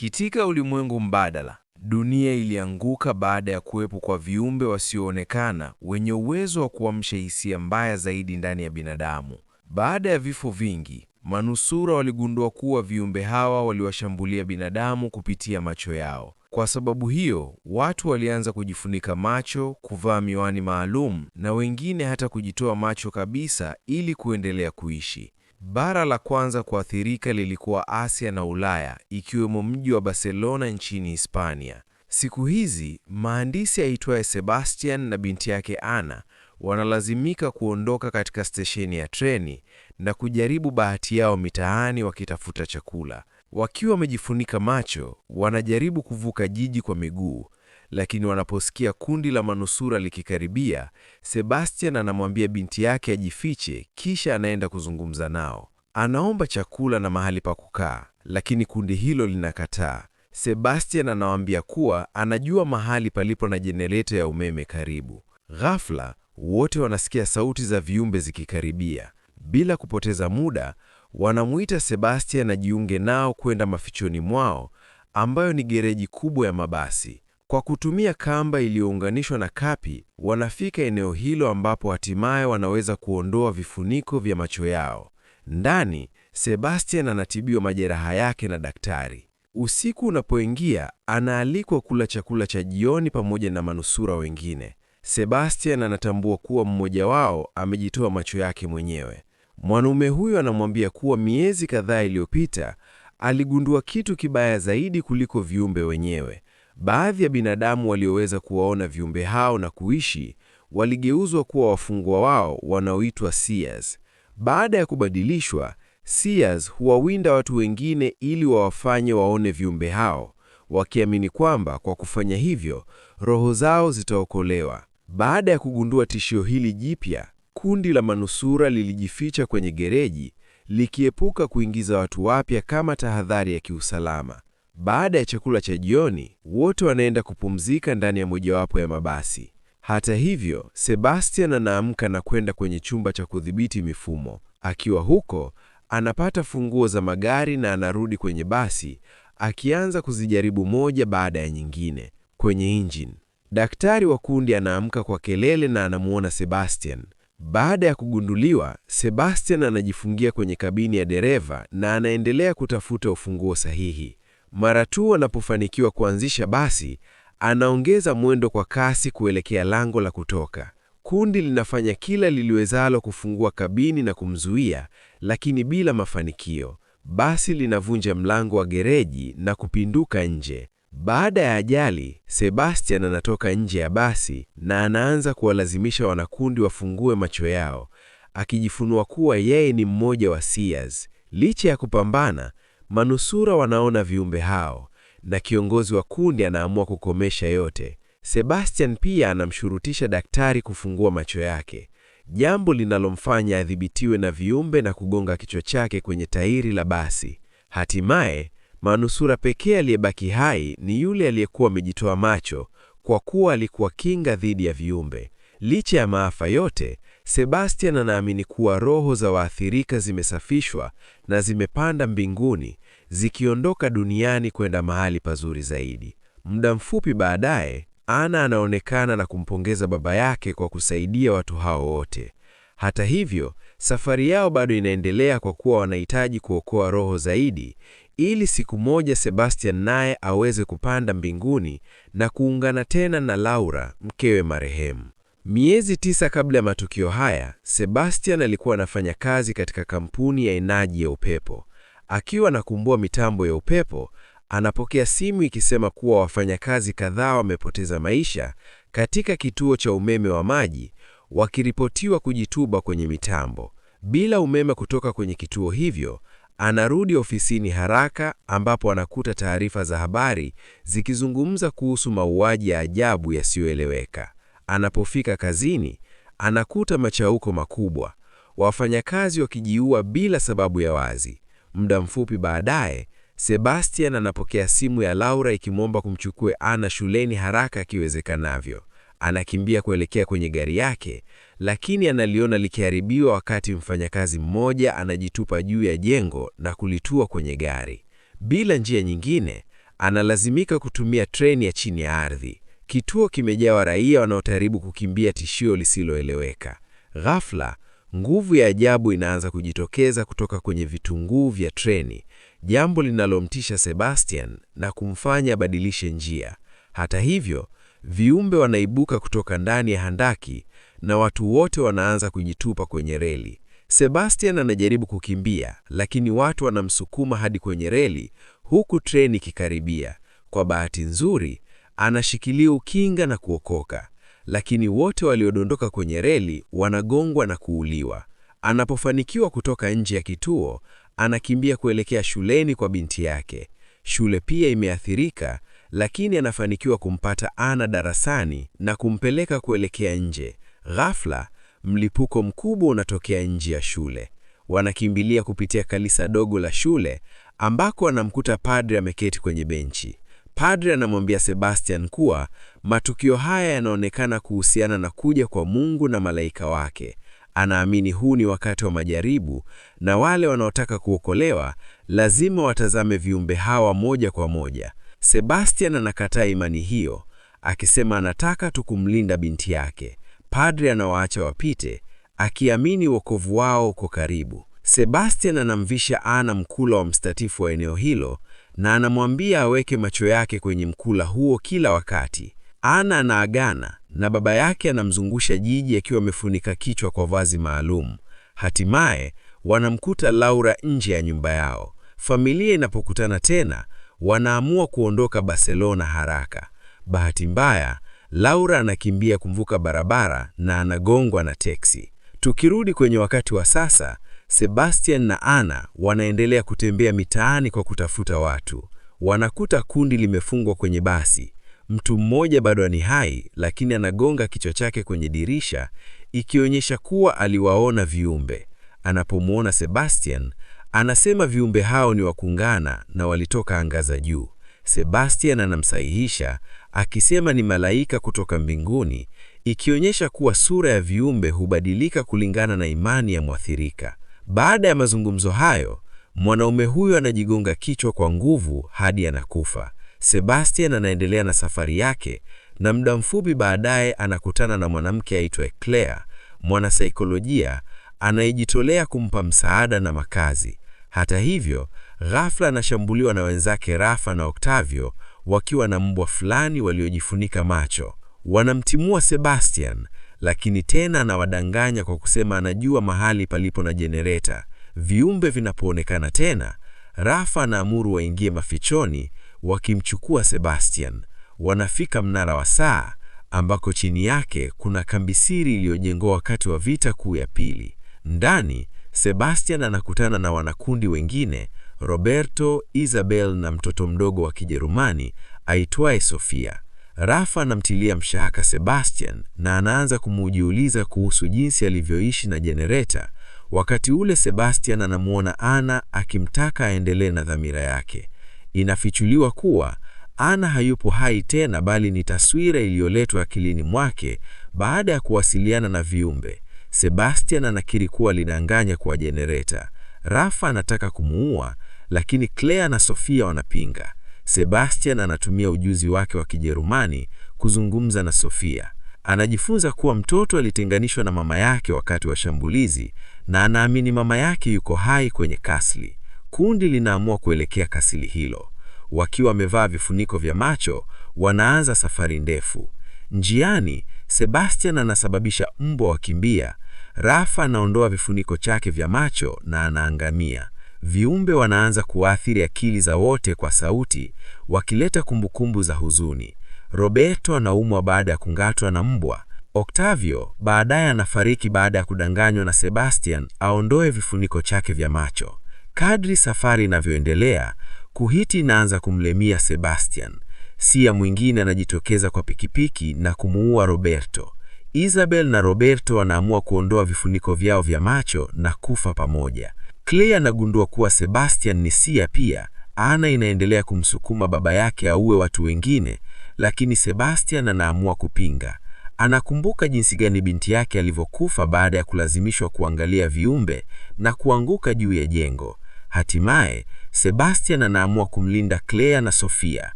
Katika ulimwengu mbadala, dunia ilianguka baada ya kuwepo kwa viumbe wasioonekana wenye uwezo wa kuamsha hisia mbaya zaidi ndani ya binadamu. Baada ya vifo vingi, manusura waligundua kuwa viumbe hawa waliwashambulia binadamu kupitia macho yao. Kwa sababu hiyo, watu walianza kujifunika macho, kuvaa miwani maalum na wengine hata kujitoa macho kabisa ili kuendelea kuishi. Bara la kwanza kuathirika lilikuwa Asia na Ulaya, ikiwemo mji wa Barcelona nchini Hispania. Siku hizi mhandisi aitwaye Sebastian na binti yake Ana wanalazimika kuondoka katika stesheni ya treni na kujaribu bahati yao mitaani wakitafuta chakula. Wakiwa wamejifunika macho, wanajaribu kuvuka jiji kwa miguu, lakini wanaposikia kundi la manusura likikaribia, Sebastian anamwambia binti yake ajifiche, kisha anaenda kuzungumza nao. Anaomba chakula na mahali pa kukaa, lakini kundi hilo linakataa. Sebastian anawaambia kuwa anajua mahali palipo na jenereta ya umeme karibu. Ghafla wote wanasikia sauti za viumbe zikikaribia. Bila kupoteza muda, wanamuita Sebastian ajiunge nao kwenda mafichoni mwao, ambayo ni gereji kubwa ya mabasi. Kwa kutumia kamba iliyounganishwa na kapi, wanafika eneo hilo ambapo hatimaye wanaweza kuondoa vifuniko vya macho yao. Ndani, Sebastian anatibiwa majeraha yake na daktari. Usiku unapoingia, anaalikwa kula chakula cha jioni pamoja na manusura wengine. Sebastian anatambua kuwa mmoja wao amejitoa macho yake mwenyewe. Mwanaume huyo anamwambia kuwa miezi kadhaa iliyopita aligundua kitu kibaya zaidi kuliko viumbe wenyewe. Baadhi ya binadamu walioweza kuwaona viumbe hao na kuishi waligeuzwa kuwa wafungwa wao wanaoitwa Seers. Baada ya kubadilishwa, Seers huwawinda watu wengine ili wawafanye waone viumbe hao, wakiamini kwamba kwa kufanya hivyo roho zao zitaokolewa. Baada ya kugundua tishio hili jipya, kundi la manusura lilijificha kwenye gereji likiepuka kuingiza watu wapya kama tahadhari ya kiusalama. Baada ya chakula cha jioni, wote wanaenda kupumzika ndani ya mojawapo ya mabasi. Hata hivyo, Sebastian anaamka na kwenda kwenye chumba cha kudhibiti mifumo. Akiwa huko, anapata funguo za magari na anarudi kwenye basi, akianza kuzijaribu moja baada ya nyingine. Kwenye engine, daktari wa kundi anaamka kwa kelele na anamuona Sebastian. Baada ya kugunduliwa, Sebastian anajifungia kwenye kabini ya dereva na anaendelea kutafuta ufunguo sahihi. Mara tu anapofanikiwa kuanzisha basi, anaongeza mwendo kwa kasi kuelekea lango la kutoka. Kundi linafanya kila liliwezalo kufungua kabini na kumzuia, lakini bila mafanikio. Basi linavunja mlango wa gereji na kupinduka nje. Baada ya ajali, Sebastian anatoka nje ya basi na anaanza kuwalazimisha wanakundi wafungue macho yao, akijifunua kuwa yeye ni mmoja wa Sears. Licha ya kupambana, Manusura wanaona viumbe hao na kiongozi wa kundi anaamua kukomesha yote. Sebastian pia anamshurutisha daktari kufungua macho yake, jambo linalomfanya adhibitiwe na viumbe na kugonga kichwa chake kwenye tairi la basi. Hatimaye, manusura pekee aliyebaki hai ni yule aliyekuwa amejitoa macho, kwa kuwa alikuwa kinga dhidi ya viumbe. Licha ya maafa yote, Sebastian anaamini kuwa roho za waathirika zimesafishwa na zimepanda mbinguni, zikiondoka duniani kwenda mahali pazuri zaidi. Muda mfupi baadaye, Ana anaonekana na kumpongeza baba yake kwa kusaidia watu hao wote. Hata hivyo, safari yao bado inaendelea kwa kuwa wanahitaji kuokoa roho zaidi ili siku moja Sebastian naye aweze kupanda mbinguni na kuungana tena na Laura, mkewe marehemu. Miezi tisa kabla ya matukio haya, Sebastian alikuwa anafanya kazi katika kampuni ya enaji ya upepo. Akiwa anakumbua mitambo ya upepo, anapokea simu ikisema kuwa wafanyakazi kadhaa wamepoteza maisha katika kituo cha umeme wa maji, wakiripotiwa kujituba kwenye mitambo. Bila umeme kutoka kwenye kituo hivyo, anarudi ofisini haraka ambapo anakuta taarifa za habari zikizungumza kuhusu mauaji ya ajabu yasiyoeleweka. Anapofika kazini, anakuta machauko makubwa, wafanyakazi wakijiua bila sababu ya wazi. Muda mfupi baadaye, Sebastian anapokea simu ya Laura ikimwomba kumchukue Ana shuleni haraka akiwezekanavyo. Anakimbia kuelekea kwenye gari yake, lakini analiona likiharibiwa wakati mfanyakazi mmoja anajitupa juu ya jengo na kulitua kwenye gari. Bila njia nyingine, analazimika kutumia treni ya chini ya ardhi. Kituo kimejawa raia wanaojaribu kukimbia tishio lisiloeleweka. Ghafla, nguvu ya ajabu inaanza kujitokeza kutoka kwenye vitunguu vya treni, jambo linalomtisha Sebastian na kumfanya abadilishe njia. Hata hivyo, viumbe wanaibuka kutoka ndani ya handaki na watu wote wanaanza kujitupa kwenye reli. Sebastian anajaribu kukimbia, lakini watu wanamsukuma hadi kwenye reli, huku treni ikikaribia. Kwa bahati nzuri, anashikilia ukinga na kuokoka, lakini wote waliodondoka kwenye reli wanagongwa na kuuliwa. Anapofanikiwa kutoka nje ya kituo, anakimbia kuelekea shuleni kwa binti yake. Shule pia imeathirika, lakini anafanikiwa kumpata Ana darasani na kumpeleka kuelekea nje. Ghafla, mlipuko mkubwa unatokea nje ya shule. Wanakimbilia kupitia kanisa dogo la shule ambako anamkuta padre ameketi kwenye benchi. Padre anamwambia Sebastian kuwa matukio haya yanaonekana kuhusiana na kuja kwa Mungu na malaika wake. Anaamini huu ni wakati wa majaribu na wale wanaotaka kuokolewa lazima watazame viumbe hawa moja kwa moja. Sebastian anakataa imani hiyo akisema anataka tu kumlinda binti yake. Padre anawaacha wapite akiamini wokovu wao uko karibu. Sebastian anamvisha Ana mkula wa mstatifu wa eneo hilo na anamwambia aweke macho yake kwenye mkula huo kila wakati. Ana anaagana na baba yake, anamzungusha jiji akiwa amefunika kichwa kwa vazi maalum. Hatimaye wanamkuta Laura nje ya nyumba yao. Familia inapokutana tena, wanaamua kuondoka Barcelona haraka. Bahati mbaya, Laura anakimbia kumvuka barabara na anagongwa na teksi. Tukirudi kwenye wakati wa sasa, Sebastian na Ana wanaendelea kutembea mitaani kwa kutafuta watu. Wanakuta kundi limefungwa kwenye basi. Mtu mmoja bado ni hai, lakini anagonga kichwa chake kwenye dirisha, ikionyesha kuwa aliwaona viumbe. Anapomwona Sebastian, anasema viumbe hao ni wakungana na walitoka anga za juu. Sebastian anamsahihisha akisema ni malaika kutoka mbinguni, ikionyesha kuwa sura ya viumbe hubadilika kulingana na imani ya mwathirika. Baada ya mazungumzo hayo, mwanaume huyo anajigonga kichwa kwa nguvu hadi anakufa. Sebastian anaendelea na safari yake na muda mfupi baadaye anakutana na mwanamke aitwaye Claire, mwanasaikolojia anayejitolea kumpa msaada na makazi. Hata hivyo, ghafla anashambuliwa na wenzake Rafa na Octavio wakiwa na mbwa fulani waliojifunika macho. Wanamtimua Sebastian lakini tena anawadanganya kwa kusema anajua mahali palipo na jenereta. Viumbe vinapoonekana tena, Rafa anaamuru waingie mafichoni, wakimchukua Sebastian. Wanafika mnara wa saa ambako chini yake kuna kambi siri iliyojengwa wakati wa vita kuu ya pili. Ndani, Sebastian anakutana na wanakundi wengine, Roberto, Isabel na mtoto mdogo wa Kijerumani aitwaye Sofia. Rafa anamtilia mshaka Sebastian na anaanza kumujiuliza kuhusu jinsi alivyoishi na jenereta. Wakati ule Sebastian anamwona Ana akimtaka aendelee na dhamira yake. Inafichuliwa kuwa Ana hayupo hai tena, bali ni taswira iliyoletwa akilini mwake baada ya kuwasiliana na viumbe. Sebastian anakiri kuwa alidanganya kwa jenereta. Rafa anataka kumuua, lakini Claire na Sofia wanapinga. Sebastian anatumia ujuzi wake wa Kijerumani kuzungumza na Sofia. Anajifunza kuwa mtoto alitenganishwa na mama yake wakati wa shambulizi na anaamini mama yake yuko hai kwenye kasli. Kundi linaamua kuelekea kasili hilo. Wakiwa wamevaa vifuniko vya macho, wanaanza safari ndefu. Njiani, Sebastian anasababisha mbwa wakimbia. Rafa anaondoa vifuniko chake vya macho na anaangamia viumbe wanaanza kuathiri akili za wote kwa sauti, wakileta kumbukumbu za huzuni. Roberto anaumwa baada ya kungatwa na mbwa. Octavio baadaye anafariki baada ya kudanganywa na Sebastian aondoe vifuniko chake vya macho. Kadri safari inavyoendelea, kuhiti inaanza kumlemia Sebastian. Sia mwingine anajitokeza kwa pikipiki na kumuua Roberto. Isabel na Roberto wanaamua kuondoa vifuniko vyao vya macho na kufa pamoja. Clay anagundua kuwa Sebastian ni sia pia. Ana inaendelea kumsukuma baba yake auwe watu wengine, lakini Sebastian anaamua kupinga. Anakumbuka jinsi gani binti yake alivyokufa baada ya kulazimishwa kuangalia viumbe na kuanguka juu ya jengo. Hatimaye Sebastian anaamua kumlinda Claire na Sofia.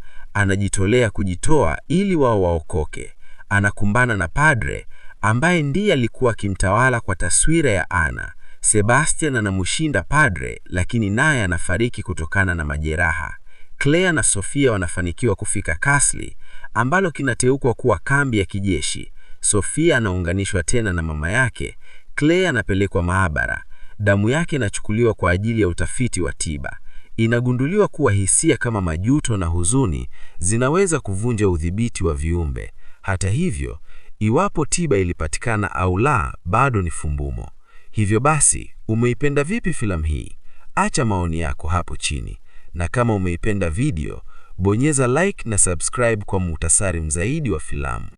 Anajitolea kujitoa ili wao waokoke. Anakumbana na padre ambaye ndiye alikuwa akimtawala kwa taswira ya Ana. Sebastian anamshinda Padre, lakini naye anafariki kutokana na majeraha. Claire na Sofia wanafanikiwa kufika Kasli ambalo kinateukwa kuwa kambi ya kijeshi. Sofia anaunganishwa tena na mama yake. Claire anapelekwa maabara, damu yake inachukuliwa kwa ajili ya utafiti wa tiba. Inagunduliwa kuwa hisia kama majuto na huzuni zinaweza kuvunja udhibiti wa viumbe. Hata hivyo, iwapo tiba ilipatikana au la, bado ni fumbumo. Hivyo basi, umeipenda vipi filamu hii? Acha maoni yako hapo chini, na kama umeipenda video, bonyeza like na subscribe kwa muhtasari zaidi wa filamu.